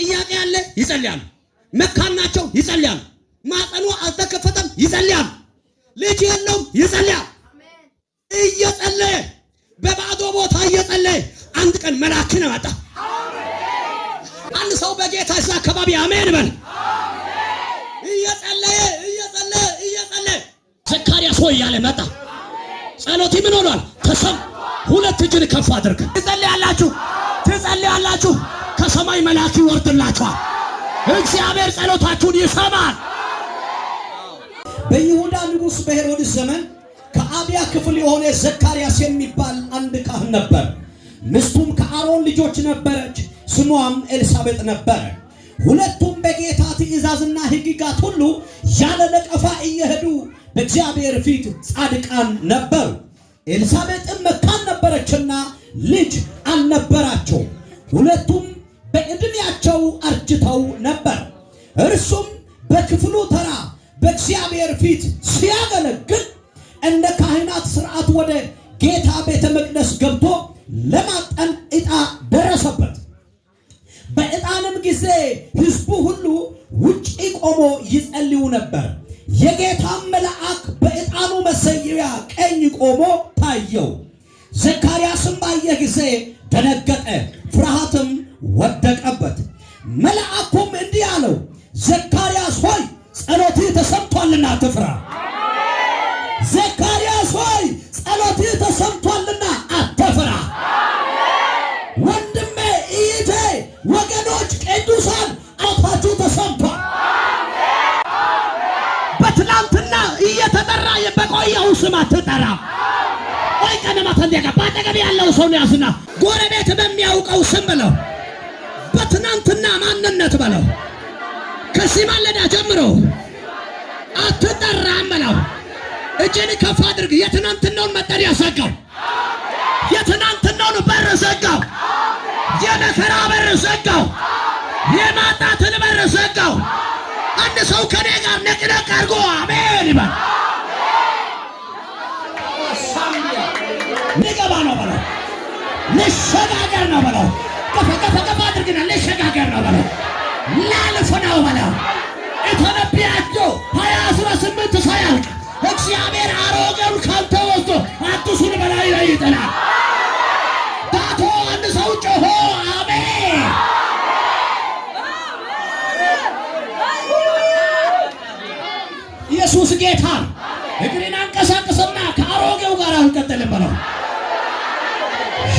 ጥያቄ ያለ ይጸልያሉ። መካናቸው ይጸልያሉ። ማጠኑ አልተከፈተም ይጸልያሉ። ልጅ የለውም ይጸልያል። እየጸለየ በባዶ ቦታ እየጸለየ አንድ ቀን መልአክ ነው መጣ። አንድ ሰው በጌታ እዛ አካባቢ አሜን በል። እየጸለየ እየጸለየ እየጸለየ ዘካርያስ ሆይ እያለ መጣ። ጸሎቲ ምን ሆኗል? ተሰማ ሁለት እጅን ከፍ አድርግ። ትጸልያላችሁ ትጸልያላችሁ፣ ከሰማይ መልአክ ይወርድላችኋል። እግዚአብሔር ጸሎታችሁን ይሰማል። በይሁዳ ንጉሥ በሄሮድስ ዘመን ከአብያ ክፍል የሆነ ዘካርያስ የሚባል አንድ ካህን ነበር። ሚስቱም ከአሮን ልጆች ነበረች፣ ስሟም ኤልሳቤጥ ነበር። ሁለቱም በጌታ ትእዛዝና ሕግጋት ሁሉ ያለ ነቀፋ እየሄዱ በእግዚአብሔር ፊት ጻድቃን ነበሩ። ኤልሳቤጥም መካን ነበረችና ልጅ አልነበራቸው። ሁለቱም በዕድሜያቸው አርጅተው ነበር። እርሱም በክፍሉ ተራ በእግዚአብሔር ፊት ሲያገለግል እንደ ካህናት ስርዓት ወደ ጌታ ቤተ መቅደስ ገብቶ ለማጠን ዕጣ ደረሰበት። በዕጣንም ጊዜ ሕዝቡ ሁሉ ውጪ ቆሞ ይጸልዩ ነበር። የጌታም መልአክ በዕጣኑ መሰያ ቀኝ ቆሞ ባየው ዘካርያስም ባየ ጊዜ ደነገጠ፣ ፍርሃትም ወደቀበት። መልአኩም እንዲህ አለው፣ ዘካርያስ ሆይ ጸሎትህ ተሰምቷልና አትፍራ። ዘካርያስ ሆይ ጸሎትህ ተሰምቷልና አትፍራ። ወንድሜ እይቴ ወገኖች ቅዱሳን ጸሎታችሁ ተሰምቷል። በትናንትና እየተጠራ የበቆየው ስም አትጠራ። ወይ ቀነማት እንዲያጋ በአጠገብ ያለው ሰው ነው ያዝና ጎረቤት በሚያውቀው ስም ብለው በትናንትና ማንነት በለው። ከዚህ ማለዳ ጀምሮ አትጠራም በለው። እጅን ከፍ አድርግ። የትናንትናውን መጠሪያ ዘጋው። የትናንትናውን በር ዘጋው። የመከራ በር ዘጋው። የማጣትን በር ዘጋው። አንድ ሰው ከኔ ጋር ነቅነቅ አድርጎ አሜን ይበል። ልገባ ነው በለው። ልሸጋገር ነው በለው። ቀፈ ቀፈ ቀፈ አድርግና ልሸጋገር ነው በለው። ላልፍ ነው በለው። ኢትዮጵያ ሀያ አስራ ስምንት ሳያልቅ እግዚአብሔር አሮጌውን ካልተወ ወስዶ አዲሱን በላዩ ላይ ይጥላል። ዳቶ አንድ ሰው ጮሆ አሜን። ኢየሱስ ጌታ እግሬን አንቀሳቅስና ከአሮጌው ጋር አልቀጥልም በለው።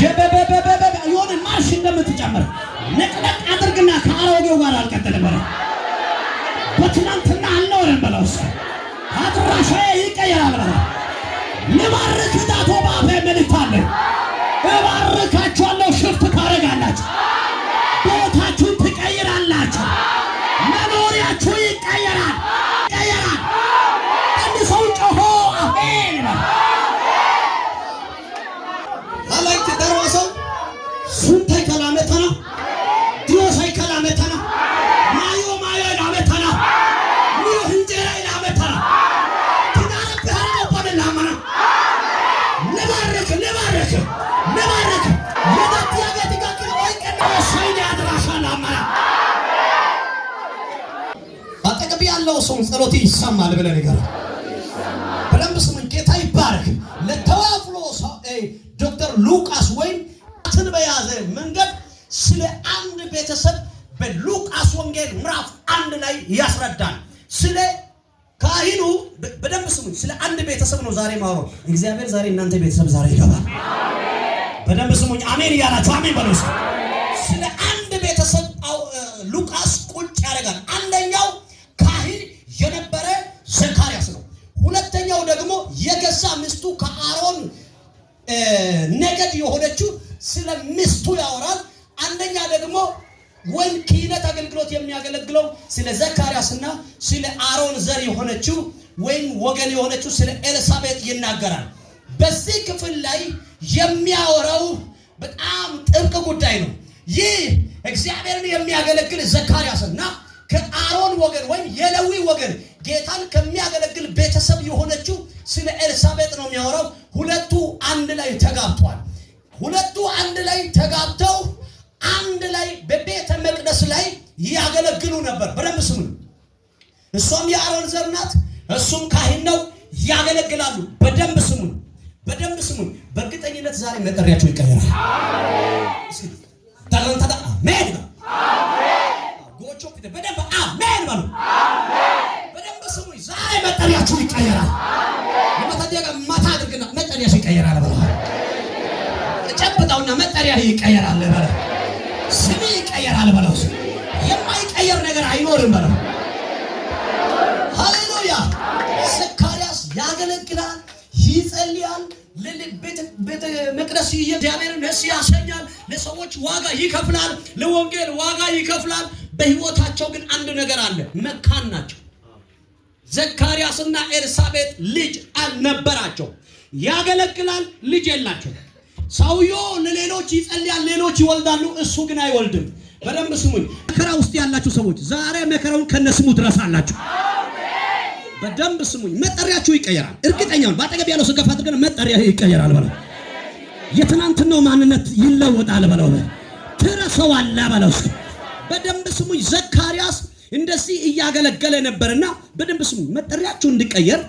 የሆነ ማርሽ እንደምትጨምር ነቅነቅ አድርግና ከአሮጌው ጋር አልቀጥልም በለው። በትናንትና አልነውረን በለው። እስከ አድራሻዬ ይቀየራል በለው። ልባርክ ዳቶ ባፌ መልእክት እባርካቸው ጸሎት ይሰማል ብለህ ንገረው። በደንብ ስምን ጌታ ይባርክ። ለተዋፍሎ ዶክተር ሉቃስ ወይም ትን በያዘ መንገድ ስለ አንድ ቤተሰብ በሉቃስ ወንጌል ምዕራፍ አንድ ላይ ያስረዳል። ስለ ካህኑ በደንብ ስሙኝ። ስለ አንድ ቤተሰብ ነው ዛሬ ማውሮ። እግዚአብሔር ዛሬ እናንተ ቤተሰብ ዛሬ ይገባል። በደንብ ስሙኝ። አሜን እያላችሁ አሜን በሉ። ሌላው ደግሞ የገዛ ሚስቱ ከአሮን ነገድ የሆነችው ስለ ሚስቱ ያወራል። አንደኛ ደግሞ ወይም ክህነት አገልግሎት የሚያገለግለው ስለ ዘካርያስና ስለ አሮን ዘር የሆነችው ወይም ወገን የሆነችው ስለ ኤልሳቤጥ ይናገራል። በዚህ ክፍል ላይ የሚያወራው በጣም ጥብቅ ጉዳይ ነው። ይህ እግዚአብሔርን የሚያገለግል ዘካርያስና ከአሮን ወገን ወይም የለዊ ወገን ጌታን ከሚያገለግል ቤተሰብ የሆነችው ስለ ኤልሳቤጥ ነው የሚያወራው። ሁለቱ አንድ ላይ ተጋብቷል። ሁለቱ አንድ ላይ ተጋብተው አንድ ላይ በቤተ መቅደስ ላይ ያገለግሉ ነበር። በደንብ ስሙ። እሷም የአሮን ዘር ናት፣ እሱም ካህን ነው። ያገለግላሉ። በደንብ ስሙ፣ በደንብ ስሙ። በእርግጠኝነት ዛሬ መጠሪያቸው ይቀየራል። በሉ። በደንብ ዛሬ መጠሪያችሁ ይቀየራል። ማታ አድርግና መጠሪያሽ ይቀየራል በለ። ጨብጠውና መጠሪያ ይቀየራል በለ። ስም ይቀየራል የማይቀየር ነገር አይኖርም በለው። ሃሌሉያ። ስካሪያስ ያገለግላል፣ ይጸልያል ቤተ መቅደስ እግዚአብሔርን ደስ ያሰኛል። ለሰዎች ዋጋ ይከፍላል። ለወንጌል ዋጋ ይከፍላል። በህይወታቸው ግን አንድ ነገር አለ። መካን ናቸው። ዘካርያስና ኤልሳቤጥ ልጅ አልነበራቸው። ያገለግላል፣ ልጅ የላቸው። ሰውየው ለሌሎች ይጸልያል፣ ሌሎች ይወልዳሉ፣ እሱ ግን አይወልድም። በደንብ ስሙኝ። መከራ ውስጥ ያላችሁ ሰዎች ዛሬ መከራውን ከነስሙ ትረሳላችሁ። በደንብ ስሙኝ። መጠሪያችሁ ይቀየራል። እርግጠኛውን በአጠገብ ያለው ስጋፍ አድርገን መጠሪያ ይቀየራል በለው። የትናንትናው ማንነት ይለወጣል በለው። ትረሰዋላ በለው። በደንብ ስሙኝ። ዘካርያስ እንደዚህ እያገለገለ ነበርና በደንብ ስሙ መጠሪያችሁ እንዲቀየር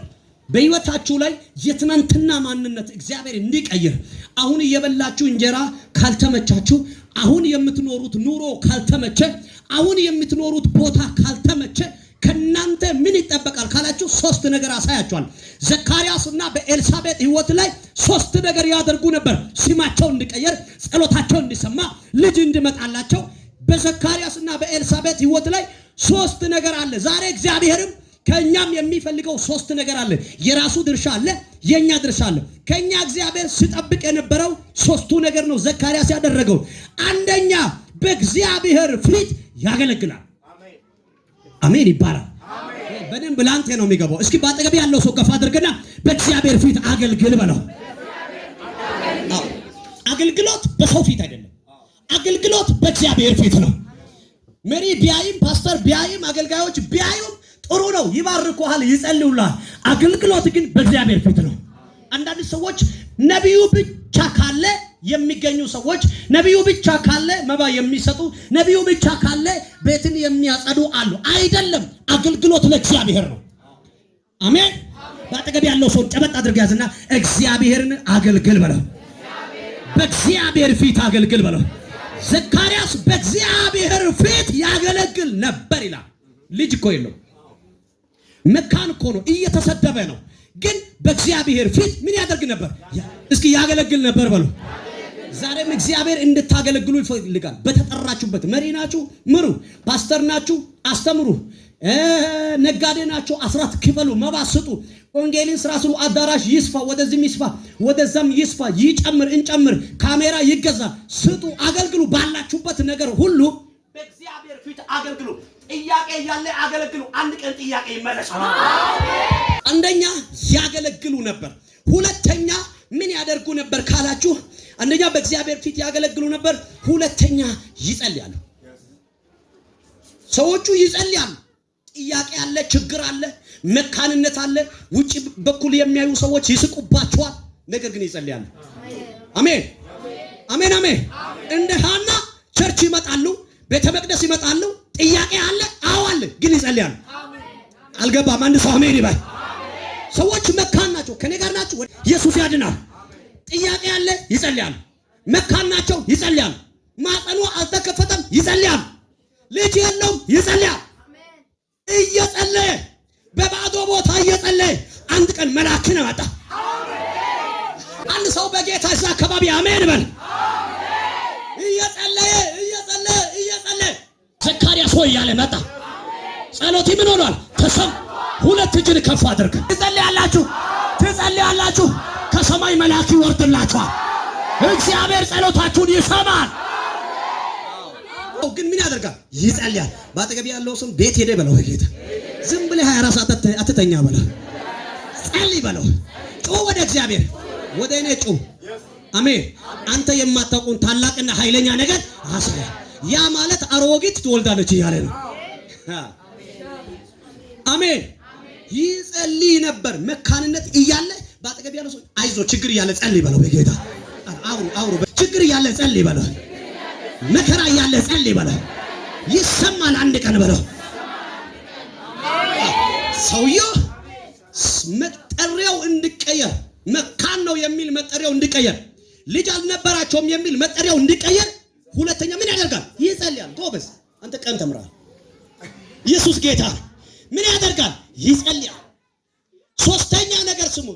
በህይወታችሁ ላይ የትናንትና ማንነት እግዚአብሔር እንዲቀይር። አሁን እየበላችሁ እንጀራ ካልተመቻችሁ፣ አሁን የምትኖሩት ኑሮ ካልተመቸ፣ አሁን የምትኖሩት ቦታ ካልተመቸ ከናንተ ምን ይጠበቃል ካላችሁ ሶስት ነገር አሳያቸዋል። ዘካርያስ እና በኤልሳቤጥ ህይወት ላይ ሶስት ነገር ያደርጉ ነበር። ስማቸው እንዲቀየር፣ ጸሎታቸው እንዲሰማ፣ ልጅ እንዲመጣላቸው እና በኤልሳቤት ህይወት ላይ ሶስት ነገር አለ። ዛሬ እግዚአብሔርም ከእኛም የሚፈልገው ሶስት ነገር አለ። የራሱ ድርሻ አለ፣ የእኛ ድርሻ አለ። ከእኛ እግዚአብሔር ስጠብቅ የነበረው ሶስቱ ነገር ነው ዘካርያስ ያደረገው። አንደኛ በእግዚአብሔር ፊት ያገለግላል። አሜን ይባላል። በደንብ ላንተ ነው የሚገባው። እስኪ በአጠገብ ያለው ሰው ከፍ አድርግና በእግዚአብሔር ፊት አገልግል በለው። አገልግሎት በሰው ፊት አይደለም። አገልግሎት በእግዚአብሔር ፊት ነው። መሪ ቢያይም ፓስተር ቢያይም አገልጋዮች ቢያዩም ጥሩ ነው፣ ይባርኩሃል፣ ይጸልዩልሃል። አገልግሎት ግን በእግዚአብሔር ፊት ነው። አንዳንድ ሰዎች ነቢዩ ብቻ ካለ የሚገኙ ሰዎች ነቢዩ ብቻ ካለ መባ የሚሰጡ ነቢዩ ብቻ ካለ ቤትን የሚያጸዱ አሉ። አይደለም፣ አገልግሎት ለእግዚአብሔር ነው። አሜን። በአጠገብ ያለው ሰው ጨበጥ አድርግ ያዝና እግዚአብሔርን አገልግል በለው። በእግዚአብሔር ፊት አገልግል በለው። ዘካርያስ በእግዚአብሔር ፊት ያገለግል ነበር ይላል። ልጅ እኮ የለው መካን እኮ ነው፣ እየተሰደበ ነው። ግን በእግዚአብሔር ፊት ምን ያደርግ ነበር? እስኪ ያገለግል ነበር በሉ። ዛሬም እግዚአብሔር እንድታገለግሉ ይፈልጋል። በተጠራችሁበት መሪ ናችሁ፣ ምሩ። ፓስተር ናችሁ፣ አስተምሩ። ነጋዴ ናችሁ፣ አስራት ክፈሉ፣ መባ ስጡ። ወንጌልን ስራ ስሉ አዳራሽ ይስፋ፣ ወደዚህም ይስፋ፣ ወደዛም ይስፋ፣ ይጨምር፣ እንጨምር፣ ካሜራ ይገዛ፣ ስጡ፣ አገልግሉ። ባላችሁበት ነገር ሁሉ በእግዚአብሔር ፊት አገልግሉ። ጥያቄ ያለ አገልግሉ። አንድ ቀን ጥያቄ ይመለሳል። አንደኛ ያገለግሉ ነበር። ሁለተኛ ምን ያደርጉ ነበር ካላችሁ፣ አንደኛ በእግዚአብሔር ፊት ያገለግሉ ነበር። ሁለተኛ ይጸልያሉ። ሰዎቹ ይጸልያሉ። ጥያቄ አለ፣ ችግር አለ መካንነት አለ። ውጭ በኩል የሚያዩ ሰዎች ይስቁባቸዋል፣ ነገር ግን ይጸልያሉ። አሜን አሜን አሜን። እንደ ሃና ቸርች ይመጣሉ፣ ቤተ መቅደስ ይመጣሉ። ጥያቄ አለ፣ አዎ አለ፣ ግን ይጸልያሉ። አልገባም። አንድ ሰው አሜን ይበል። ሰዎች መካን ናቸው። ከኔ ጋር ናቸው። ኢየሱስ ያድናል። ጥያቄ አለ፣ ይጸልያሉ። መካን ናቸው፣ ይጸልያሉ። ማጠኑ አልተከፈተም፣ ይጸልያሉ። ልጅ የለውም፣ ይጸልያል። እየጸለየ ቀን መልአክን አመጣ። አንድ ሰው በጌታ እዛ አካባቢ አሜን በል። እየጸለየ እየጸለየ እየጸለየ ዘካርያስ ሆይ እያለ መጣ። ጸሎቲ ምን ሆኗል? ተሰም ሁለት እጅን ከፍ አድርግ። ትጸልያላችሁ፣ ትጸልያላችሁ፣ ከሰማይ መልአክ ይወርድላችኋል። እግዚአብሔር ጸሎታችሁን ይሰማል። ግን ምን ያደርጋል? ይጸልያል። በአጠገብ ያለው ሰው ቤት ሄደ በለው። ጌታ ዝም ብለህ 24 ሰዓት አትተኛ በለው። በለው። ጩህ ወደ እግዚአብሔር፣ ወደ እኔ ጩህ። አሜን። አንተ የማታውቀውን ታላቅና ኃይለኛ ነገር አሳያ። ያ ማለት አሮጊት ትወልዳለች እያለ ነው። አሜን። ይጸልይ ነበር መካንነት እያለ በአጠገብ ያለ ሰው አይዞ ችግር እያለ ጸልይ በለው። በጌታ አውሩ አውሩ። ችግር እያለ ጸልይ በለው። መከራ እያለ ጸልይ በለው። ይሰማል አንድ ቀን በለው ሰውየው መጠሪያው እንዲቀየር መካን ነው የሚል መጠሪያው እንዲቀየር ልጅ አልነበራቸውም የሚል መጠሪያው እንዲቀየር ሁለተኛ ምን ያደርጋል? ይጸልያል። ጎበዝ አንተ ቀን ተምራል። ኢየሱስ ጌታ ምን ያደርጋል? ይጸልያል። ሶስተኛ ነገር ስሙ፣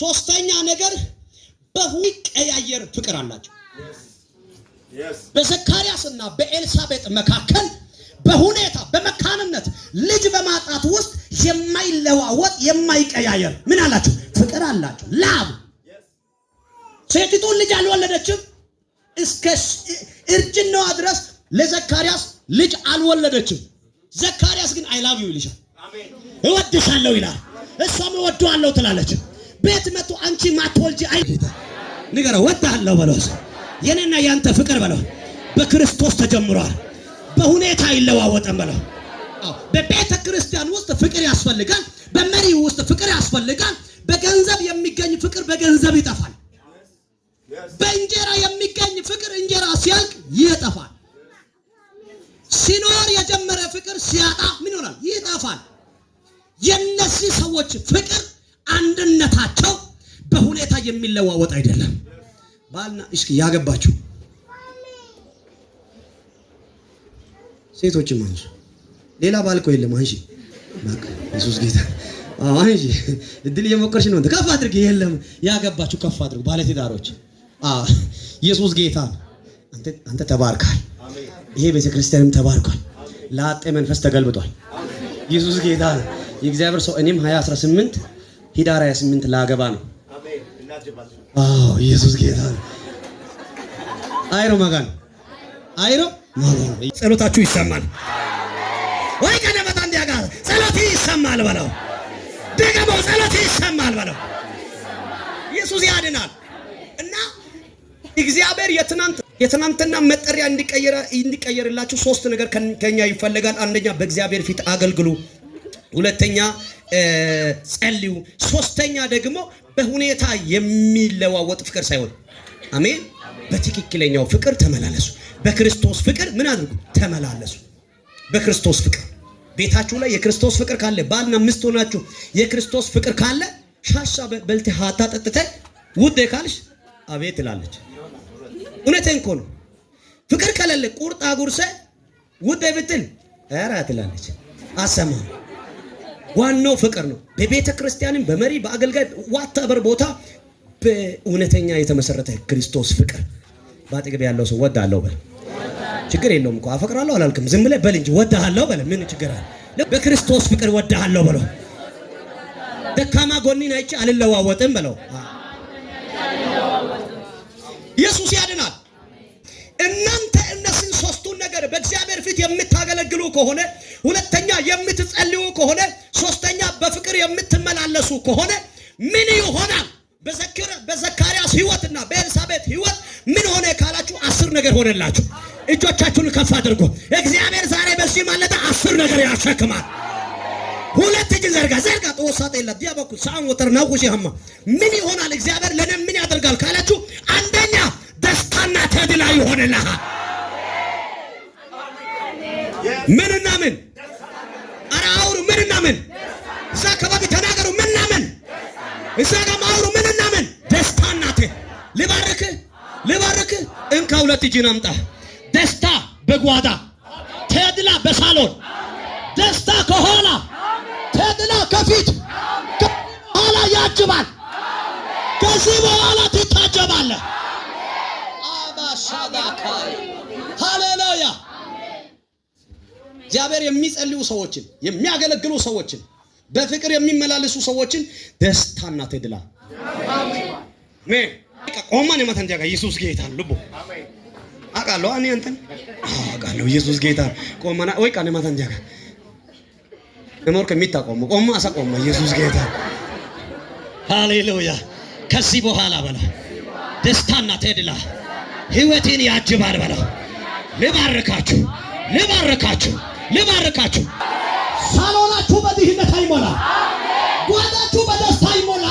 ሶስተኛ ነገር በሚቀያየር ፍቅር አላቸው። በዘካርያስ እና በኤልሳቤጥ መካከል በሁኔታ በመካንነት ልጅ በማጣት ውስጥ የማይለዋወጥ የማይቀያየር ምን አላችሁ? ፍቅር አላችሁ። ላብ ሴቲቱን ልጅ አልወለደችም። እስከ እርጅናዋ ድረስ ለዘካርያስ ልጅ አልወለደችም። ዘካርያስ ግን አይ ላቭ ዩ ይልሻል፣ እወድሻለሁ ይላል። እሷም እወደዋለሁ ትላለች። ቤት መቶ አንቺ ማትወልጂ አይ ንገረው፣ ወድሃለሁ በለው። የኔና ያንተ ፍቅር በለው በክርስቶስ ተጀምሯል። በሁኔታ አይለዋወጥም ብለው በቤተ ክርስቲያን ውስጥ ፍቅር ያስፈልጋል። በመሪ ውስጥ ፍቅር ያስፈልጋል። በገንዘብ የሚገኝ ፍቅር በገንዘብ ይጠፋል። በእንጀራ የሚገኝ ፍቅር እንጀራ ሲያልቅ ይጠፋል። ሲኖር የጀመረ ፍቅር ሲያጣ ምን ይሆናል? ይጠፋል። የነዚህ ሰዎች ፍቅር አንድነታቸው በሁኔታ የሚለዋወጥ አይደለም። ባልና እስኪ ያገባችሁ ሴቶችም አንሺ። ሌላ ባል እኮ የለም። አንሺ በቃ ኢየሱስ ጌታ። አንሺ። እድል እየሞከርሽ ነው። ከፍ አድርግ። የለም ያገባችሁ ከፍ አድርጉ። ባለትዳሮች ኢየሱስ ጌታ። አንተ አንተ ተባርካል። ይሄ ቤተክርስቲያንም ተባርኳል። ለአጤ መንፈስ ተገልብጧል። ኢየሱስ ጌታ ነው። የእግዚአብሔር ሰው እኔም 2018 ሂዳር 28 ላገባ ነው። አዎ ኢየሱስ ጌታ ነው። አይሮ መጋን አይሮ ጸሎታችሁ ይሰማል ወይ? ከደመታ እንዲያ ጋር ጸሎት ይሰማል በለው። ደግሞ ጸሎት ይሰማል በለው። ኢየሱስ ያድናል እና እግዚአብሔር የትናንት የትናንትና መጠሪያ እንዲቀየርላችሁ ሶስት ነገር ከኛ ይፈልጋል። አንደኛ በእግዚአብሔር ፊት አገልግሉ፣ ሁለተኛ ጸልዩ፣ ሶስተኛ ደግሞ በሁኔታ የሚለዋወጥ ፍቅር ሳይሆን አሜን በትክክለኛው ፍቅር ተመላለሱ። በክርስቶስ ፍቅር ምን አድርጉ? ተመላለሱ። በክርስቶስ ፍቅር ቤታችሁ ላይ የክርስቶስ ፍቅር ካለ ባልና ሚስት ሆናችሁ የክርስቶስ ፍቅር ካለ ሻሻ በልቴ ሀታ ጠጥተ ውድ ካልሽ አቤት ትላለች። እውነቴን እኮ ነው። ፍቅር ከሌለ ቁርጣ ጉርሰ ውድ ብትል ኧረ ትላለች። አሰማ ዋናው ፍቅር ነው። በቤተ ክርስቲያንም በመሪ በአገልጋይ ዋታበር ቦታ በእውነተኛ የተመሰረተ ክርስቶስ ፍቅር በአጠገብ ያለው ሰው ወዳለው በል። ችግር የለውም እኮ አፈቅራለሁ አላልክም። ዝም ብለህ በል እንጂ ወዳለው በል። ምን ችግር አለ? በክርስቶስ ፍቅር ወዳለው በለው። ደካማ ጎኒን አይቼ አልለዋወጥም በለው። ኢየሱስ ያድናል። እናንተ እነዚህን ሶስቱን ነገር በእግዚአብሔር ፊት የምታገለግሉ ከሆነ፣ ሁለተኛ የምትጸልዩ ከሆነ፣ ሶስተኛ በፍቅር የምትመላለሱ ከሆነ ምን ይሆናል? በዘካርያስ ህይወት ነገር ሆነላችሁ። እጆቻችሁን ከፍ አድርጎ እግዚአብሔር ዛሬ በዚህ ማለት አስር ነገር ያሸክማል። ሁለት እጅ ዘርጋ ዘርጋ ተወሳጠ የለ ዲያ በኩል ሳን ወተር ነው ናቁ ያማ ምን ይሆናል? እግዚአብሔር ለእኔ ምን ያደርጋል ካላችሁ አንደኛ ደስታና ተድላ ይሆንልሃል። ምንና ምን ኧረ አውሩ ምንና ምን እዛ አካባቢ ተናገሩ ምንና ምን እዛ ጋር አውሩ ምንና ምን ደስታና ተ ልባርክህ ልባርክ። እንካ ሁለት እጅን አምጣ። ደስታ በጓዳ ተድላ በሳሎን ደስታ ከኋላ ተድላ ከፊት ኋላ ያጅባል። ከዚህ በኋላ ትታጀባለህ። አባሻዳካይ ሃሌሉያ። እግዚአብሔር የሚጸልዩ ሰዎችን የሚያገለግሉ ሰዎችን በፍቅር የሚመላለሱ ሰዎችን ደስታና ተድላ ቆማን የማታን ጃጋ ኢየሱስ ጌታ ልቦ አውቃለሁ። አኔ አንተን አውቃለሁ። ኢየሱስ ጌታ ቆማና ወይ ቃኔ ማተን ጃጋ ነሞር ከሚታ ቆሞ ቆሞ አሳ ቆማ ኢየሱስ ጌታ ሃሌሉያ። ከዚህ በኋላ በላ ደስታና ተድላ ህይወቴን ያጅባል በላ። ልባርካችሁ፣ ልባርካችሁ፣ ልባርካችሁ። ሳሎናችሁ በድህነት አይሞላ፣ ጓዳችሁ በደስታ አይሞላ።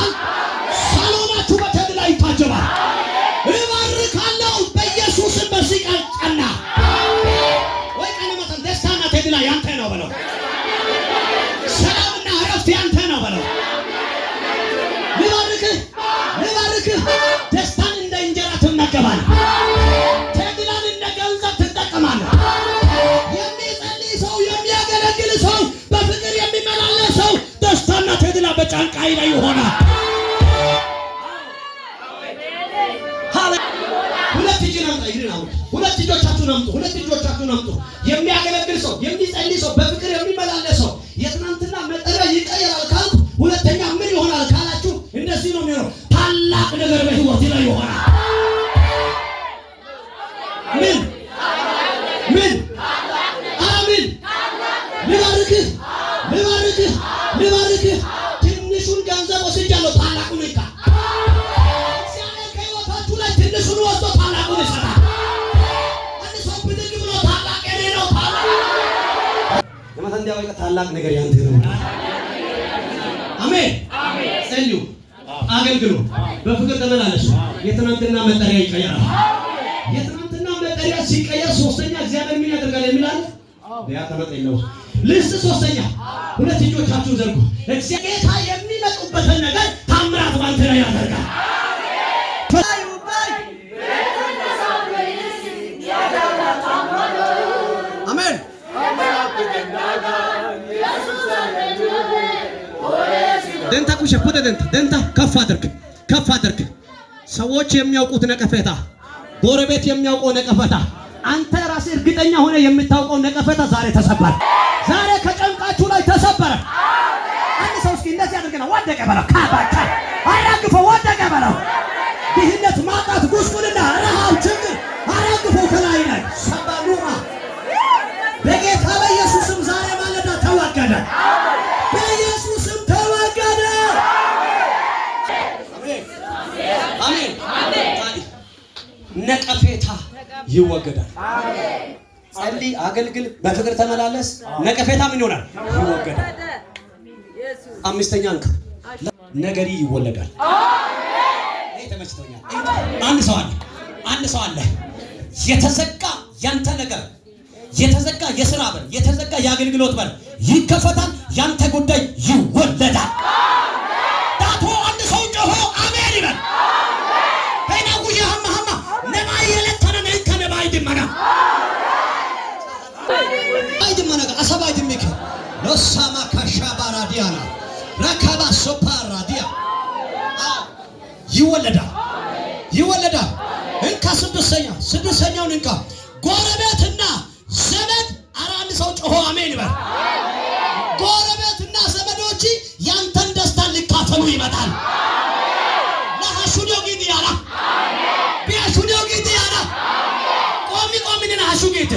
ጫንቃይ ላይ ይሆናል። ሁለት እጆቻችሁን አምጡ። ሁለት እጆቻችሁን አምጡ። የሚያገለግል ሰው፣ የሚጸልይ ሰው፣ በፍቅር የሚመላለስ ሰው የትናንትና መጠሪያ ይቀየራል ካልኩ ሁለተኛ ምን ይሆናል ካላችሁ እንደዚህ ነው የሚሆነው። ታላቅ ነገር በህይወት ላይ ይሆናል። ከዚያ በቃ ታላቅ ነገር ያንተ ነው። አሜን። ጸልዩ፣ አገልግሎ በፍቅር ተመላለሱ። የትናንትና መጠሪያ ይቀየራል። የትናንትና መጠሪያ ሲቀየር ሶስተኛ እግዚአብሔር ምን ያደርጋል የሚላል ያ ተመጠኝ ነው። ልስጥ ሶስተኛ ሁለት እጆቻችሁን ዘርጉ። እግዚአብሔር የሚመጡበትን ነገር ታምራት ባንተ ላይ ያደርጋል። ደንታ ኩሽ ወደ ደንታ ደንታ ከፍ አድርግ ከፍ አድርግ። ሰዎች የሚያውቁት ነቀፈታ፣ ጎረቤት የሚያውቀው ነቀፈታ፣ አንተ ራስህ እርግጠኛ ሆነ የምታውቀው ነቀፈታ ዛሬ ተሰበረ። ዛሬ ከጨንቃችሁ ላይ ተሰበረ። አንድ ሰው እስኪ እንደዚህ አድርገና ወደቀ በለው። ካባካ አራግፎ ወደቀ በለው። ድህነት፣ ማጣት፣ ጉስቁልና፣ ረሃብ፣ ችግር አራግፎ ከላይ ላይ ሰባሉማ በጌታ በኢየሱስም ዛሬ ማለዳ ተወገደ። ነቀፌታ ይወገዳል። ጸልይ፣ አገልግል፣ በፍቅር ተመላለስ። ነቀፌታ ምን ይሆናል? ይወገዳል። አምስተኛ እንካ ነገሪ ይወለዳል። አንድ ሰው አለ፣ አንድ ሰው አለ። የተዘጋ ያንተ ነገር የተዘጋ የስራ በር፣ የተዘጋ የአገልግሎት በር ይከፈታል። ያንተ ጉዳይ ይወለዳል። አሰባ ድሚክ ሎሳማ ካሻባ ራዲያ ነው ረካባ ሶፓ ራዲያ ይወለዳል ይወለዳል። እንካ ስድስተኛ ስድስተኛውን እንካ ጎረቤትና ዘመድ አራንድ ሰው ጮሆ አሜን ይበል። ጎረቤትና ዘመዶች ያንተን ደስታ ሊካፈሉ ይመጣል። ቢያሹ ጊዜ ያላ ቆሚ ቆሚንን አሹ ጌቴ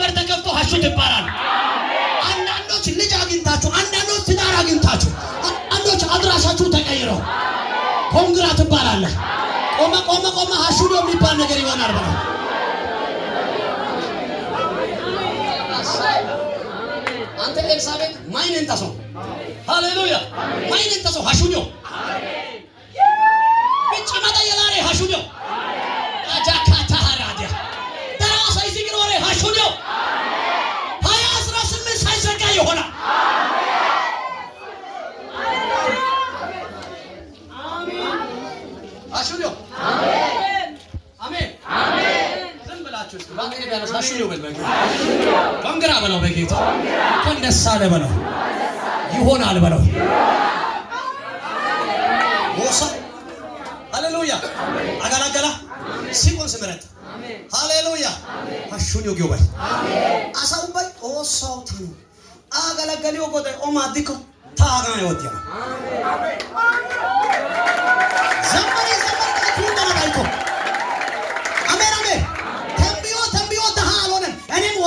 በር ተከፍቶ ሀሹ ትባላል። አንዳንዶች ልጅ አግኝታችሁ፣ አንዳንዶች ትዳር አግኝታችሁ፣ አንዳንዶች አድራሻችሁ ተቀይረው ኮንግራ ትባላለህ። ቆመ ቆመ ቆመ ሀሹ ነው የሚባል ነገር ይሆናል። በ አንተ ኤልሳቤጥ ማይን እንተሰው ሃሌሉያ ማይን እንተሰው ሀሹ ነው ያነሳ አሽሎ በል በጌታ ኮንግራ በለው በጌታ እንኳን ደስ አለ በለው ይሆናል በለው ወሳ ሃሌሉያ አጋላጋላ ሲቆን ስምረት ሃሌሉያ አሹን ዮጊዮ በል አሳው በል ኦሳው ታኑ አጋላጋሊዮ ጎደ ኦማዲኮ ታጋ ነው ወዲያ ዘማ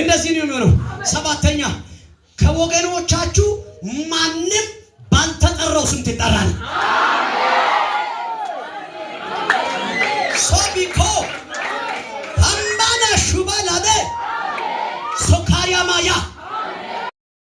እንደዚህ ነው የሚሆነው። ሰባተኛ ከወገኖቻችሁ ማንም ባልተጠራው ስም ትጠራለህ።